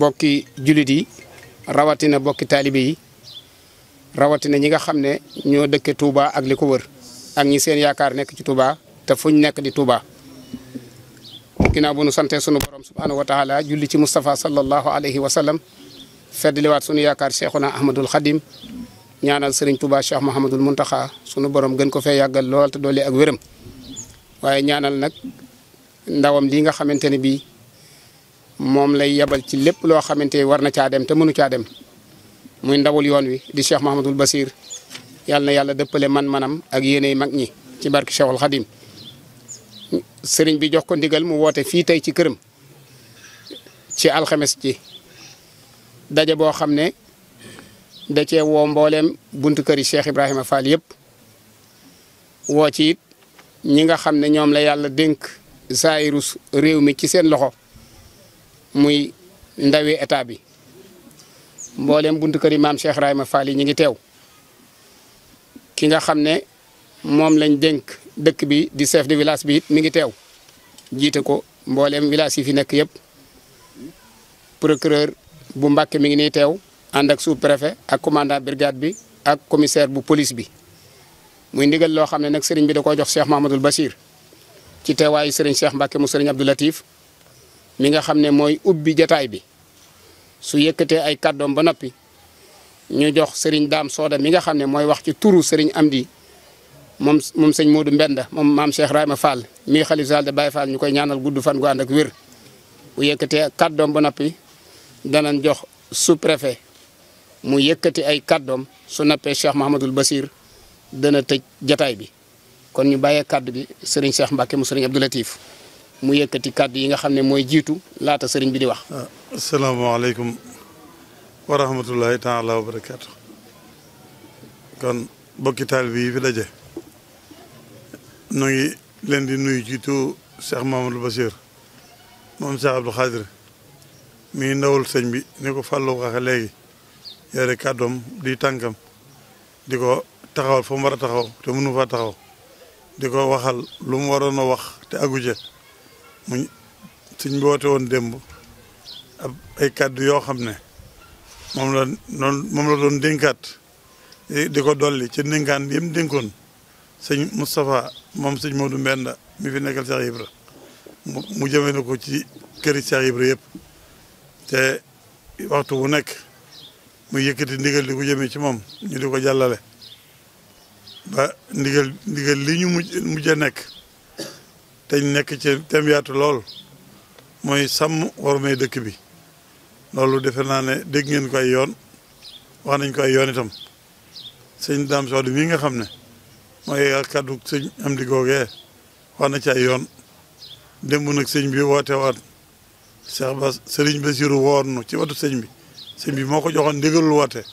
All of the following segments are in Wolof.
bokki jullit yi rawatina bokki taalibe yi rawatina ñi nga xam ne ñoo dëkke Touba ak li ko wër ak ñi seen yaakaar nekk ci Touba te fuñ nekk di Touba. ginnaaw bu nu sante sunu borom subhaanahu wa taala ci ci Moustapha sallallahu alayhi wa sallam feddliwaat sunu yaakaar Cheikhuna Ahmadul Khadim ñaanal sëriñ Touba Cheikh Mouhamadul Mountakha sunu borom gën ko fee yàggal lool te doole ak wéram waaye ñaanal nag ndawam lii nga xamante ne bii. moom lay yebal ci lépp loo xamante ni war na caa dem te mënu caa dem muy ndawul yoon wi di Cheikh Mahamadul Basir yàlla na yàlla dëppale man-manam ak yéeney mag ñi ci barke Cheikhul Khadim sëriñ bi jox ko ndigal mu woote fii tey ci këram ci alxames ci daje boo xam ne da cee bunt mbooleem buntu kër yi Cheikh Ibrahima Fall yëpp woo ci it ñi nga xam ne ñoom la yàlla dénk zairus réew mi ci seen loxo muy ndawi état bi mboolem bunt kër yi maam Cheikh Ibrahima Fall yi ngi teew ki nga xam ne moom lañ dénk dëkk bi di chef de village bi it mi ngi teew jiite ko mboolem village yi fi nekk yëpp procureur bu Mbàkke mi ngi nii teew ànd ak sous-préfet ak commandant brigade bi ak commissaire bu police bi muy ndigal loo xam ne nag sëriñ bi da koo jox Cheikh Mahamadoul Bachir ci teewaayu sëriñ Cheikh Mbàkke mu sëriñ Abdou Latif mi nga xam ne mooy ubbi jataay bi su yëkkatee ay kàddoom ba noppi ñu jox sëriñ daam sooda mi nga xam ne mooy wax ci turu sëriñ Amdi moom moom sëñ Modou Mbenda moom maam Cheikh Rahima Fall mii xalif sal de Baye Fall ñu koy ñaanal gudd fan gu ànd ak wér bu yëkkatee kàddoom ba noppi danañ jox sous-préfet mu yëkkati ay kàddoom su noppee Cheikh Mahamadul Basir dana tëj jataay bi kon ñu bàyyee kàddu bi sëriñ Cheikh Mbacke mu sëriñ Abdou mu yëkkati kàddu yi nga xam ne mooy jiitu laata sëriñ bi di wax. Ah, asalaamaaleykum wa rahmatullahi taala wa barakaatu. kon bokki taalibe yi fi daje. nu ngi leen di nuyu jiitu Cheikh Mamadou Bachir moom Cheikh Abdou Khadir mi ngi ndawul sëñ bi ni ko fàllu waxe léegi yore kàddoom di tànkam di ko taxawal fa mu war a taxaw te mënu faa taxaw di ko waxal lu mu waroon a wax te agu je mu suñ woote woon démb ab ay kàddu yoo xam ne moom la moom la doon dénkaat di ko dolli ci ndénkaan yim dénkoon sëñ Moustapha moom sëñ Modou Mbenda mi fi nekkal Cheikh Ibra mu jëmee na ko ci këri Cheikh Ibra yëpp te waxtu bu nekk mu yëkkati ndigal di ko jëmee ci moom ñu di ko jàllale ba ndigal ndigal li ñu mujj nekk te nekk ci tem yaatu lool mooy sàmm war may dëkk bi loolu defe naa ne dégg ngeen ko ay yoon wax nañ ko ay yoon itam sëñ Dame Soxna mii nga xam ne mooy kàddu sëñ am di googee wax na ci ay yoon démb nag sëñ bi woote waat Cheikh Ba Serigne Bassirou woon ci watu sëñ bi sëñ bi moo ko joxoon ndigalul woote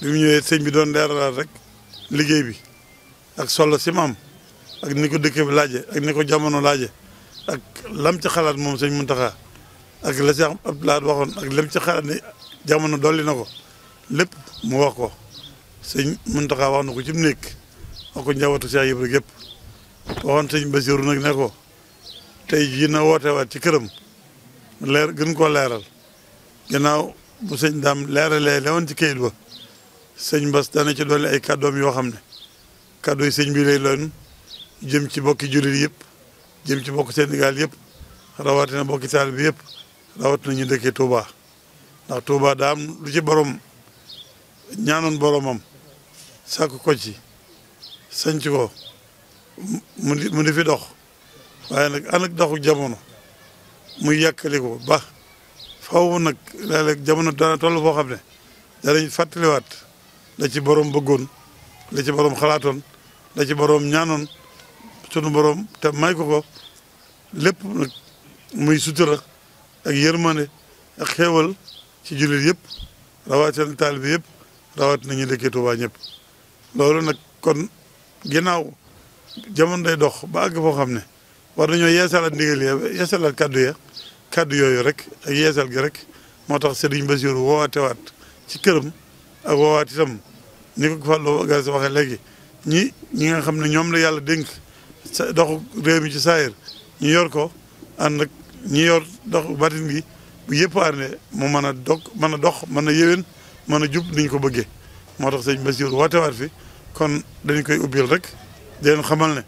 bi mu ñëwee sëñ bi doon leeralaat rek liggéey bi ak solo si maam ak ni ko dëkk bi laaje ak ni ko jamono laaje ak lam ci xalaat moom sëñ Muntaxa ak la Cheikh Abdoulaye waxoon ak lam ci xalaat ne jamono dolli na ko lépp mu wax ko sëñ Muntaxa wax na ko ci mu nekk wax ko njabootu Cheikh Ibrahima gépp waxoon sëñ Basiru nag ne ko tey jii na wootewaat ci këram leer gën koo leeral ginnaaw bu sëñ daam leeralee lewoon ci kayit ba sëñ Bas dana ci dolli ay kàddoom yoo xam ne kàddu yi sëñ bi jëm ci mbokki jullit yëpp jëm ci bokk Sénégal yëpp rawatina mbokki taalibe yëpp rawatina ñu dëkkee Touba ndax Touba daa lu ci borom ñaanoon boromam sàkk ko ci sanc ko mu di mu di fi dox waaye nag ànd ak doxu jamono muy yàkkali ko ba faw nag léeg-léeg jamono dana toll foo xam ne danañ fàttaliwaat la ci borom bëggoon la ci borom xalaatoon la ci borom ñaanoon sunu boroom te may ko ko lépp nag muy sutura ak yërmande ak xéewal ci jullit yëpp rawatina taalibe yëpp rawatina ñu dëkkee Tuubaa ñëpp loolu nag kon ginnaaw jamono day dox ba àgg foo xam ne war nañoo yeesalaat ndigal yi yeesalaat kàddu ya kàddu yooyu rek ak yeesal gi rek moo tax Serigne Bassirou woowaate waat ci këram léegi ñi ñi nga xam ne ñoom la yàlla denk sa doxu réew mi ci saayir ñu yor ko ànd ak ñu yor dox batin gi bu yëpp àndee mu mën a dog mën a dox mën a yéwén mën a jub niñ ko bëggee moo tax sëñ Basiir wootewaat fi kon dañu koy ubbil rek di leen xamal ne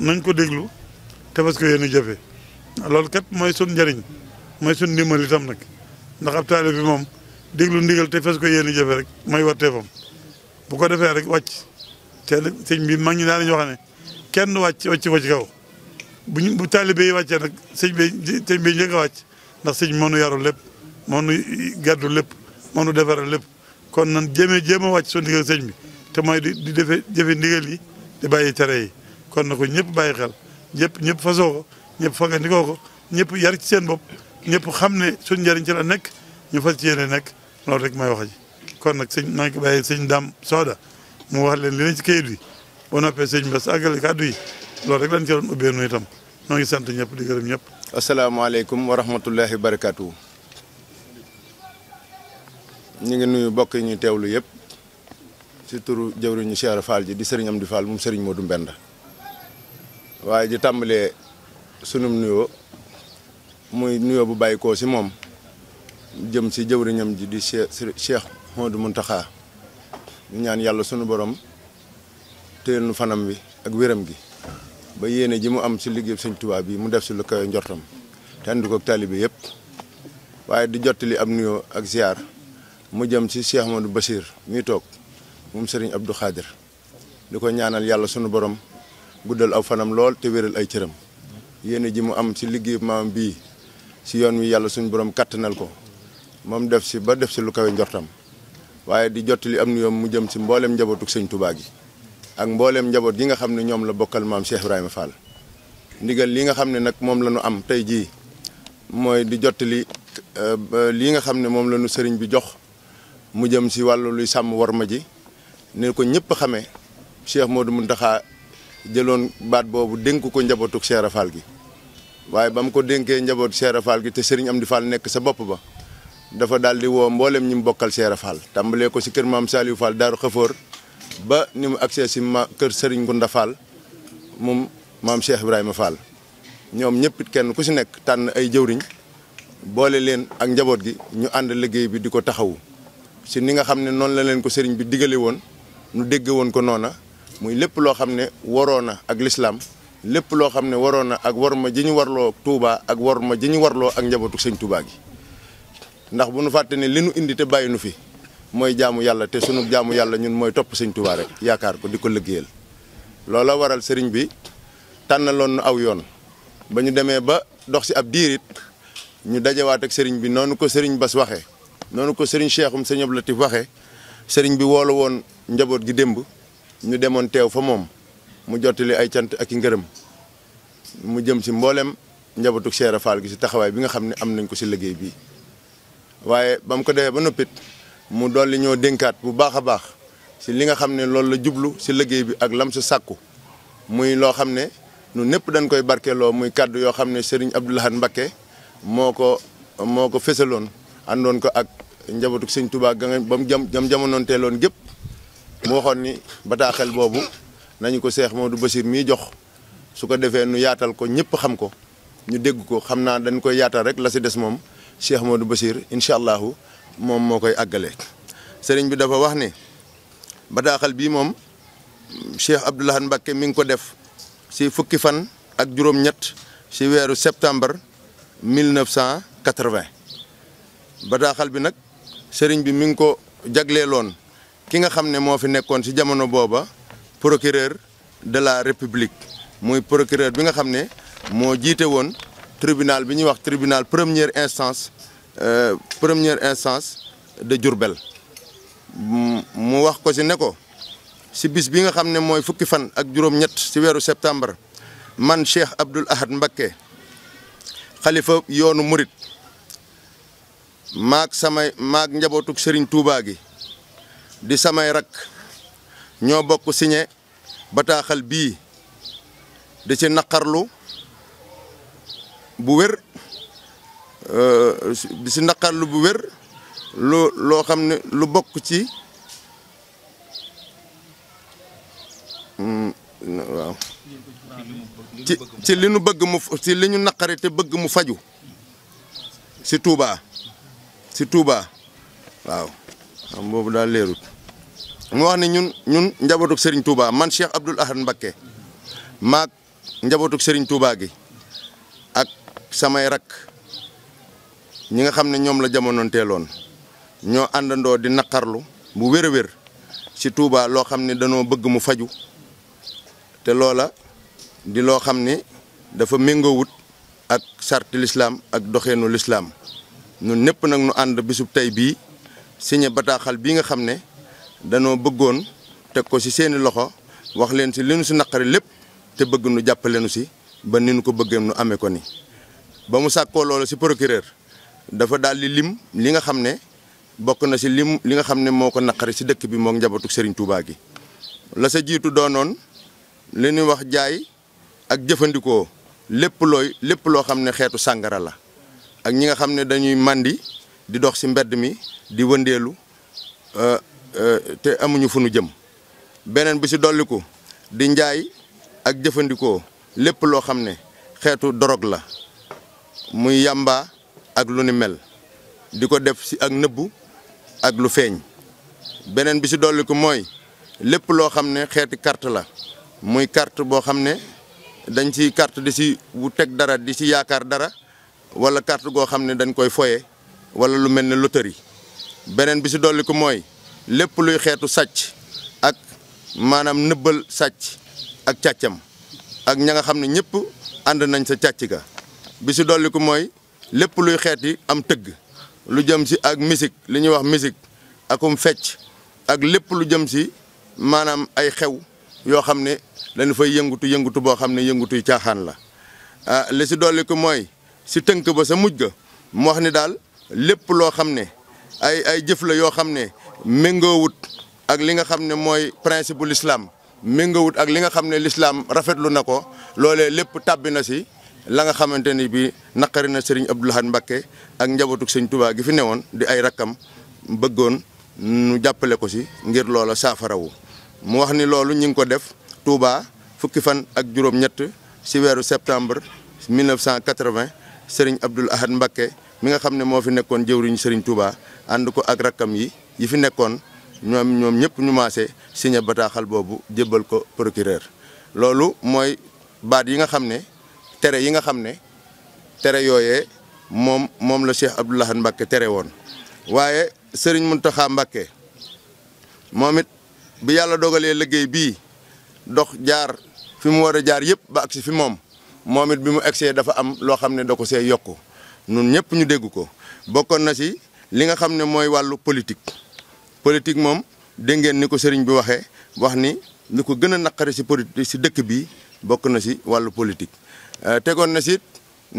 nañ ko déglu te parce que yéen a jëfee loolu kat mooy sun njëriñ mooy sun ndimbal itam nag ndax ab taale bi moom déglu ndigal te fes ko yéen a jëfe rek mooy warteefam bu ko defee rek wàcc te sëñ bi mag ñi daan nañu wax ne kenn wàcc wàcc ko ci kaw buñ bu taalibe yi wàccee nag sëñ bi sëñ bi njëkk a wàcc ndax sëñ moo nu yarul lépp moo nu gàddu lépp moo nu defaral lépp kon nan jéemee jéem wàcc soo sëñ bi te mooy di di defe jëfe ndigal yi bàyyi tere yi kon na ko ñëpp bàyyi xel ñëpp ñëpp fasoo ko ñëpp fangandikoo ko ñëpp yar ci seen bopp ñëpp xam ne suñ njëriñ ci la nekk ñu fas ci yéene nekk loolu rek may wax kon nag sëñ naa ngi ko bàyyi sëñ Dame Soda mu wax leen li na ci kayit bi boo noppee sëñ Bass àggale kàddu yi loolu rek lañ ci doon ubbee nuyu itam ñoo ngi sant ñëpp di gërëm ñëpp. asalaamaaleykum wa rahmatullahi wa barakaatu. ñu ngi nuyu mbokk ñu ñuy teewlu yëpp ci turu jëwriñu Cheikh Fall ji di sëriñam di Fall moom sëriñ Modou Mbenda waaye di tàmbalee sunum nuyoo muy nuyoo bu bàyyi koo si moom jëm si jëwriñam ji di Cheikh Cheikh Modou Mountakha ñu ñaan yàlla sunu borom. téyel nu fanam bi ak wéram gi ba yéene ji mu am si liggéey sëñ tubaab bi mu def si lu kawe njortam te andi ko ak taalibe yëpp waaye di jottali ab nuyoo ak ziar mu jëm si Cheikh Amadou Bassir mi toog moom sëriñ Abdou Khadir di ko ñaanal yàlla sunu borom guddal aw fanam lool te wéral ay cëram yéene ji mu am si liggéey maam bii si yoon wi yàlla suñu borom kattanal ko moom def si ba def si lu kawe njortam waaye di jottali am nuyoom mu jëm si mboolem njabootu sëñ Tuubaa gi ak mbooleem njaboot gi nga xam ne ñoom la bokkal maam Cheikh Ibrahima Fall ndigal li nga xam ne nag moom la ñu am tey jii mooy di jottali euh, lii nga xam ne moom la ñu sëriñ bi jox mu jëm si wàllu luy sàmm ma ji ne ko ñëpp moo du Modou Mountakha jëloon baat boobu dénk ko njabootu Cheikh Ibra gi waaye ba mu ko dénkee njaboot Cheikh Ibra gi te sëriñ di Fall nekk sa bopp ba dafa daal di woo mboolem ñi mu bokkal Cheikh Ibra tàmbalee ko si kër maam Saliou Fall Daaru Xafoor ba ni mu agsee si ma kër sëriñ Gunda Fall moom maam Cheikh Ibrahima Fall ñoom ñëpp kenn ku si nekk tànn ay jëwriñ boole leen ak njaboot gi ñu ànd liggéey bi di ko taxawu si ni nga xam ne noonu la leen ko sëriñ bi digale woon nu dégg woon ko noona muy lépp loo xam ne waroon na ak lislaam lépp loo xam ne waroon na ak war ma ji ñu warloo tuubaa ak war ma ji ñu warloo ak njabootu sëñ Touba gi ndax bu nu fàtte ne li nu indi te bàyyi nu fi mooy jaamu yàlla te sunu jaamu yàlla ñun mooy topp sëñ Tuubaa rek yaakaar ko di ko liggéeyal loola waral sëriñ bi tànnaloon nu aw yoon ba ñu demee ba dox si ab diirit ñu dajewaat ak sëriñ bi noonu ko sëriñ Bas waxee noonu ko sëriñ Cheikhum sëñ Abdou Latif waxee sëriñ bi woolu woon njaboot gi démb ñu demoon teew fa moom mu jottali ay cant ak i ngërëm mu jëm si mbooleem njabootu Cheikh Fall gi si taxawaay bi nga xam ne am nañ ko si liggéey bi waaye ba mu mu dolli ñoo dénkaat bu baax a baax si li nga xam ne loolu la jublu si liggéey bi ak lam sa sàkku muy loo xam ne nu népp dañ koy barkeeloo muy kàddu yoo xam ne Serigne Abdou Lahad Mbacké moo ko moo ko fésaloon àndoon ko ak njabootu Sëñ Touba ga nga ba mu jam jam jamonoonteeloon gépp mu waxoon ni bataaxel boobu nañu ko Seex Maodo Bachir mii jox su ko defee nu yaatal ko ñëpp xam ko ñu dégg ko xam naa dañ koy yaatal rek la si des moom Cheikh Maodo Bachir incha allahu moom moo koy àggale sëriñ bi dafa wax ni bataaxal bii moom Cheikh Abdoul Ahad Mbacké mi ngi ko def si fukki fan ak juróom-ñett si weeru septembre 1980 bataaxal bi nag sëriñ bi mi ngi ko jagleeloon ki nga xam ne moo fi nekkoon si jamono booba procureur de la république muy procureur bi nga xam ne moo jiite woon tribunal bi ñuy wax tribunal première instance Euh, première instance de jurbel mu wax ko ci ne ko ci bis bi nga xam ne mooy fukki fan ak juróom-ñett ci weeru septembre man Cheikh Abdoul Ahad Mbacké xalifa yoonu murit maag samay maag njabootuk sëriñ Touba gi di samay rak ñoo bokk signé bataaxal bii di ci naqarlu bu wér si naqar lu bu wér loo xam ne lu bokk ci mm, waaw ci ci li nu bëgg mu faju si Touba si Touba waaw xam boobu daal leerut mu wax ne ñun ñun njabootuk sëriñ Touba man Cheikh Abdoul Ahad Mbacké maag njabootuk Serigne Touba gi ak samay rakk ñi nga xam ne ñoom la jamonoonteeloon ñoo àndandoo di naqarlu bu wér a wér ci Touba loo xam ne danoo bëgg mu faju te loola di loo xam ne dafa méngoowut ak sarti lislaam ak doxeenu lislaam ñun ñëpp nag nu ànd bisub tey bii signé bataaxal bii nga xam ne danoo bëggoon teg ko ci seeni loxo wax leen ci li nu ci naqari lépp te bëgg nu jàppaleenu si ba ni nu ko bëggee nu amee ko ni ba mu sàkkoo loolu ci procureur dafa daal di lim li nga xam ne bokk na si lim li nga xam ne moo ko naqari si dëkk bi moom njabootu Serigne Touba gi. la sa jiitu doonoon li ñuy wax jaay ak jëfandikoo lépp looy lépp loo xam ne xeetu sàngara la ak ñi nga xam ne dañuy màndi di dox si mbedd mi di wëndeelu euh, euh, te amuñu fu nu jëm beneen bi si dolliku di njaay ak jëfandikoo lépp loo xam ne xeetu dorog la muy yàmba ak lu ni mel di ko def si ak nëbbu ak lu feeñ beneen bi si dolli ko mooy lépp loo xam ne xeeti carte la muy carte boo xam ne dañ ci carte di si teg dara di si yaakaar dara wala carte goo xam ne dañ koy foye wala lu mel ne loterie beneen bi si dolli ko mooy lépp luy xeetu sàcc ak maanaam nëbbal sàcc ak càccam ak ña nga xam ne ñëpp ànd nañ sa càcc ga bi si dolli ko mooy lépp luy xeeti am tëgg lu jëm si ak musique li ñuy wax musique akum fecc ak lépp lu jëm si maanaam ay xew yoo xam ne dañu fay yëngutu yëngutu boo xam ne yëngutuy caaxaan la ah li si dolli mooy si tënk ba sa muj ga mu wax ni daal lépp loo xam ne ay ay jëf la yoo xam ne méngoowut ak li nga xam ne mooy principe bu l'islam méngoowut ak li nga xam ne l'islam rafetlu na ko loole lépp tàbbi na si la nga xamante ni bii naqari na Serigne Abdoul Ahad Mbacké ak njabootuk sëñ Touba gi fi newoon di ay rakkam bëggoon nu jàppale ko si ngir loola saafarawu mu wax ni loolu ñi ngi ko def Touba fukki fan ak juróom-ñett si weeru septembre 1980 Serigne Abdoul Ahad Mbacké mi nga xam ne moo fi nekkoon jëwriñu Serigne Touba ànd ko ak rakkam yi yi fi nekkoon ñoom ñoom ñëpp ñu maase signé bataaxal boobu jébbal ko procureur loolu mooy baat yi nga xam ne. tere yi nga xam ne tere yooyee moom moom la Cheikh Abdoul Ahad Mbacké tere woon waaye Serigne Mountakha Mbacké moomit it bi yàlla dogalee liggéey bii dox jaar fi mu war a jaar yëpp ba agsi fi moom moom bi mu agsee dafa am loo xam ne da ko see yokku nun ñëpp ñu dégg ko bokkoon na si li nga xam ne mooy wàllu politique politique moom dégg ngeen ni ko sëriñ bi waxee wax ni li ko gën a naqari si politique ci dëkk bi bokk na si wàllu politique Euh, tegoon na si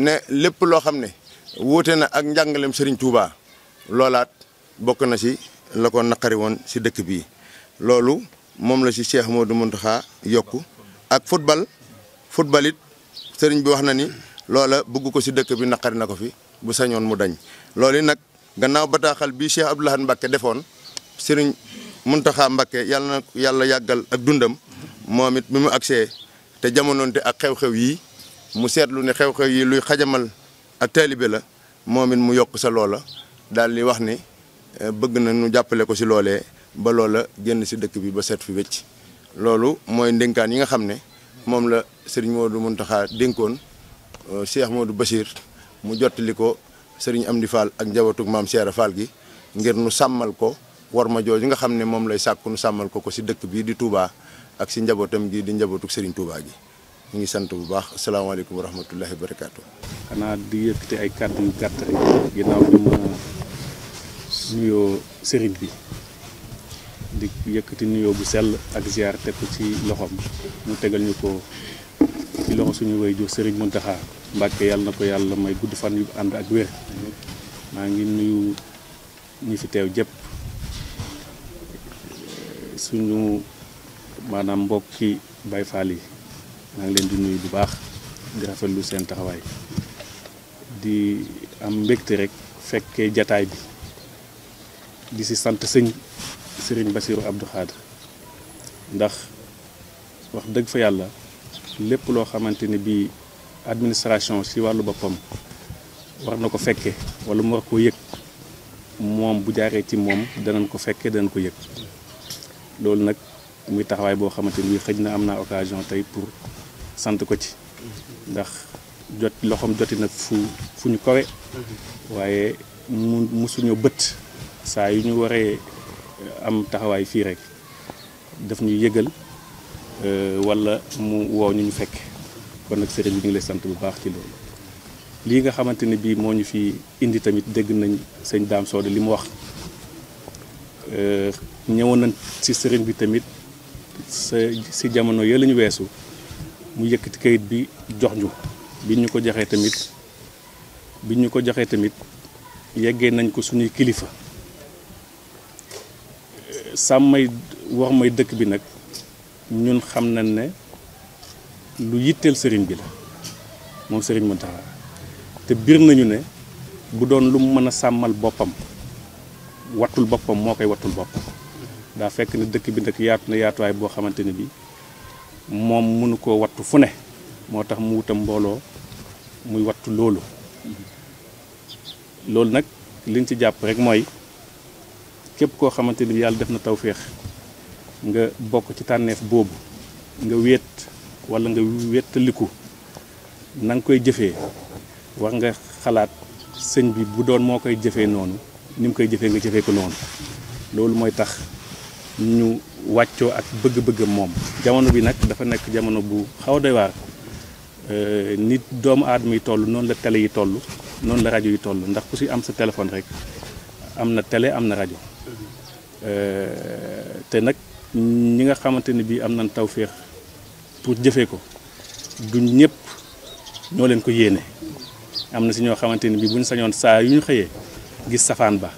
ne lépp loo xam ne wute na ak njàngalem Serigne Touba loolaat bokk na si la ko naqari woon si dëkk bii loolu moom la si du Modou Mountakha yokku ak football football it Serigne bi wax na ni loola bëgg ko si dëkk bi naqari na ko fi bu sañoon mu dañ loolu nag gannaaw bataaxal bi Cheikh Abdou Lahad Mbacké defoon Serigne Mountakha Mbacké yàlla yàlla yàggal ak dundam moom it bi mu agsee te jamonoonte ak xew-xew yii. mu seetlu ne xew-xew yi luy xajamal ak taalibe la moom it mu yokk sa loola daal di wax ni eh, bëgg na ñu jàppale ko si loolee ba loola génn si dëkk bi ba seet fi wécc loolu mooy ndënkaan yi nga xam ne moom la sëriñ Modou Mountakha dénkoon euh, Cheikh Modou Bachir mu jottali ko sëriñ Amdi Fall ak njabootug maam Cheikh Fall gi ngir nu sàmmal ko war ma jooju nga xam ne moom lay sàkku nu sàmmal ko ko si dëkk bii di tuubaa ak si njabootam gi di njabootug sëriñ Touba gi. mu ngi sant bu baax asalaamaaleykum wa rahmatullahi barakaatu. xanaa di yëkkati ay kàddu yu gàtt rek ginnaaw bi ma nuyoo sëriñ bi di yëkkati nuyoo bu sell ak ziar te ko ci loxo mu tegal ñu ko ci loxo suñu way jox sëriñ Mountakha Mbàkke yàlla na ko yàlla may gudd fan yu ànd ak wér maa ngi nuyu ñi fi teew jëpp suñu maanaam mbokki Baay Faal yi. maa ngi leen di nuyu bu baax di lu seen taxawaay di am mbégte rek fekkee jataay bi di si sant sëñ sëriñ Basiru Abdou Khadre ndax wax dëgg fa yàlla lépp loo xamante ni bii administration si wàllu boppam war na ko fekkee wala mu war koo yëg moom bu jaaree ci moom danañ ko fekkee danañ ko yëg loolu nag muy taxawaay boo xamante ni xëj na am naa occasion tey pour sant ko ci ndax jot loxoom joti nag fu fu ñu kawe waaye mu musuñu bët saa yu ñu waree am taxawaay fii rek daf ñu yëgal euh, wala mu woo ñu ñu fekk kon nag sëriñ bi ñu ngi lay sant bu baax ci loolu lii nga xamante ne bii moo ñu fi indi tamit dégg nañ sëñ daam Sode li mu wax euh, ñëwoon nañ ci sëriñ bi tamit sa si jamono yële ñu weesu mu yëkkati kayit bi jox ñu bi ñu ko joxee tamit bi ñu ko joxee tamit yeggee nañ ko suñuy kilifa sàmmay wax may dëkk bi nag ñun xam nañ ne lu yitteel sëriñ bi la moom sëriñ Mountakha te biir nañu ne bu doon lu mën a sàmmal boppam wattul boppam moo koy wattul boppam daa fekk ne dëkk bi nag yaatu na yaatuwaay boo xamante ne bi moom mënu koo wattu fu ne moo tax mu wutam mbooloo muy wattu loolu loolu nag liñ ci jàpp rek mooy képp koo xamante ni yàlla def na tawféex nga bokk ci tànneef boobu nga wéet wala nga wéttaliku na nga koy jëfee wax nga xalaat sëñ bi bu doon moo koy jëfee noonu ni mu koy jëfee nga jëfee ko noonu loolu mooy tax ñu wàccoo ak bëgg-bëggam moom jamono bi nag dafa nekk jamono bu xaw a waar waar euh, nit doomu aadama yi toll noonu la télé yi toll noonu la rajo yi toll ndax ku si am sa téléphone rek am na tele am na rajo euh, te nag ñi nga xamante ni bii am nañ tawféex pour jëfee ko du ñëpp ñoo leen ko yéene am na si ñoo xamante ni bii bu ñu sañoon saa yu ñu xëyee gis safaan ba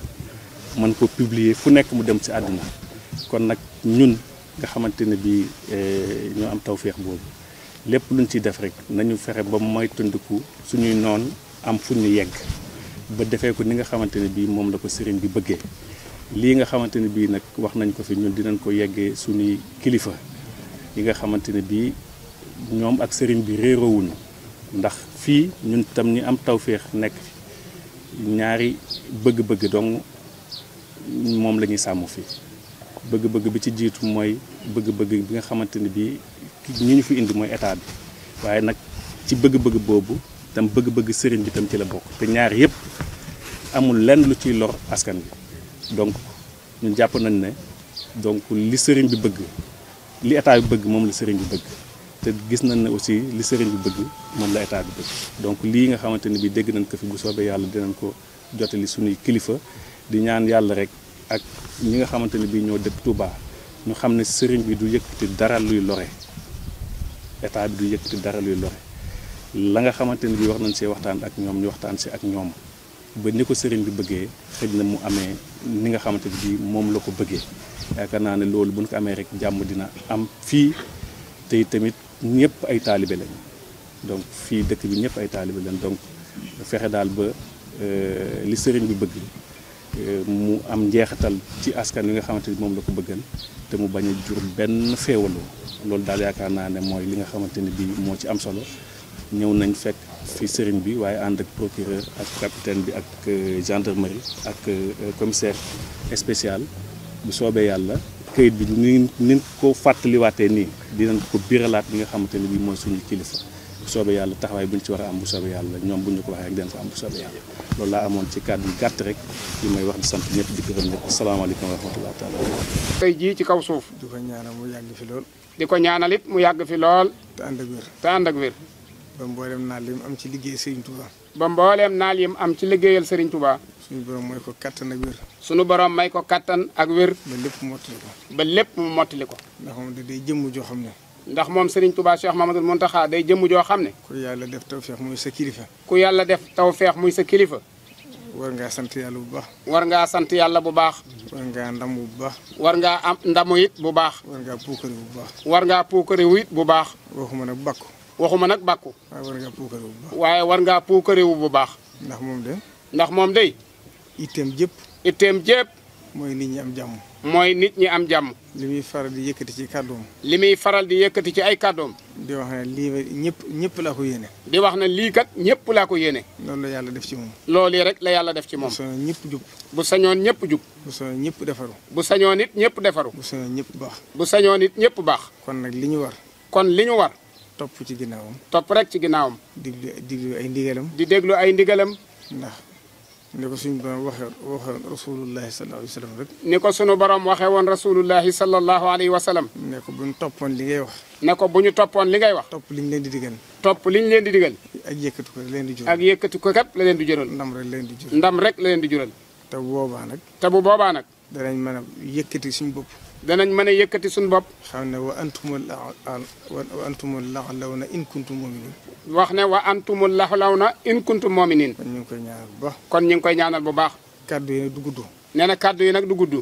mën ko publier fu nekk mu dem si àdduna kon nag ñun nga xamante ne bii eh, ñoo am tawféex boobu lépp luñ ciy def rek nañu fexe ba moytandiku suñuy noon am fu ñu yegg ba defee ko ni nga xamante ne bii moom la ko sëriñ bi bëggee lii nga xamante ne bii nag wax nañ ko fi ñun dinañ ko yeggee suñuy kilifa yi nga xamante ne bii ñoom ak sëriñ bi réeroowuñu ndax fii ñun tam ñi am tawféex nekk ñaari bëgg-bëgg dong moom lañuy sàmm fii bëgg-bëgg bi ci jiitu mooy bëgg-bëgg bi nga xamante ni bii ñi ñu fi indi mooy état bi waaye nag ci bëgg-bëgg boobu tam bëgg-bëgg sëriñ bi tam ci la bokk te ñaar yëpp amul lenn lu ciy lor askan bi donc ñun jàpp nañ ne donc li sëriñ bi bëgg li état bi bëgg moom la sëriñ bi bëgg te gis nañ ne aussi li sëriñ bi bëgg moom la état bi bëgg donc lii nga xamante ni bii dégg nañ ko fi bu soobee yàlla nañ ko jotali suñuy kilifa di ñaan yàlla rek ak ñi nga xamante ne bii ñoo dëkk Touba ñu xam ne sëriñ bi du yëkkati dara luy lore état bi du yëkkati dara luy lore la nga xamante ne bii wax nañ see waxtaan ak ñoom ñu waxtaan si ak ñoom ba ni ko sëriñ bi bëggee xëj na mu amee ni nga xamante ne bii moom la ko bëggee yaakaar naa ne loolu bu ñu ko amee rek jàmm dina am fii te tamit ñëpp ay taalibe donc fii dëkk bi ñëpp ay taalibe lañ donc fexe daal ba euh, li sëriñ bi bëgg. Euh, mu am njeexital ci askan wi nga xamante ni moom la ko bëggal te mu bañ a jur benn féewaloo loolu daal yaakaar naa ne mooy li nga xamante ni bii moo ci am solo ñëw nañ fekk fi sëriñ bi waaye ànd ak procureur ak capitaine bi ak euh, gendarmerie ak euh, commissaire spécial bu soobee yàlla këyit bi ni ni ko fàttaliwaatee nii dinañ ko biralaat bi nga xamante ni bii mooy suñuy kilifa. bu soobee yàlla taxawaay bu ñu ci war a am bu soobee yàlla ñoom bu ñu ko waxee rek den ko am bu soobee yàlla loolu laa amoon ci kàddu gàtt rek li mooy wax di sant ñëpp di gërëm ñëpp asalaamaaleykum wa rahmatulah taala tey jii ci kaw suuf di ko ñaanal mu yàgg fi lool di ko ñaanal it mu yàgg fi lool te ànd ak wér te ànd ak wér am ci liggéey Serigne Touba ba mbooleem naal yi am ci liggéeyal Serigne Touba suñu borom may ko kattan ak wér suñu borom may ko kattan ak wér ba lépp mu mottali ko ba lépp mu mottali ko ndax moom da day jëmm joo xam ne ndax moom Serigne Touba Cheikh Mamadou Mountakha day jëmm joo xam ne. ku yàlla def tawfeex muy sa kilifa. ku yàlla def feex muy sa kilifa. war ngaa sant yàlla bu baax. war ngaa sant yàlla bu baax. war ngaa ndamu war ngaa am ndamu it bu baax. war bu baax. war ngaa puukare wu bu baax. waxuma nag bàkku. waxuma nag bàkku. waaye war ngaa bu baax. waaye war ngaa puukare wu bu baax. ndax moom de. ndax moom de. itteem jëpp. itteem jëpp. mooy ni ñi am jàmm. mooy nit ñi am jàmm. li muy faral di yëkkati ci kàddoom. li muy faral di yëkkati ci ay kàddoom. di wax ne lii ñëpp ñëpp laa ko yéene. di wax ne lii kat ñëpp laa ko yéene. loolu la yàlla def ci moom. loolu rek la yàlla def ci moom. bu sañoon ñëpp jub. bu sañoon ñëpp jub. bu sañoon ñëpp defaru. bu sañoon nit ñëpp defaru. bu sañoon ñëpp baax. bu sañoon nit ñëpp baax. kon nag li ñu war. kon li ñu war. topp ci ginnaawam. topp rek ci ginnaawam. di diglu ay ndigalam. di déglu ay ndigalam. ndax. ni ko suñu borom waxe waxoon rasulullahi sallallahu alayhi wa sallam rek ni ko suñu borom waxe woon rasulullahi sallallahu alayhi wa sallam ne ko bu ñu toppoon li ngay wax ne ko bu ñu toppoon li ngay wax topp li ñu leen di digal topp li ñu leen di digal ak yëkkati ko leen di jural ak yëkkati ko kat la leen di jural ndam rek la leen di jural ndam rek la leen di jural te bu boobaa nag te bu boobaa nag danañ mën a yëkkati suñu bopp danañ mën a yëkkati suñu bopp. xam ne wa antumul wa antumul laxlawna in kuntum muminin wax ne wa antumul laxlawna in kuntum muminin kon ñu ngi koy ñaanal bu kon ñu ngi koy ñaanal bu baax. kaddu yi nag du gudd. nee na kaddu yi nag du gudd.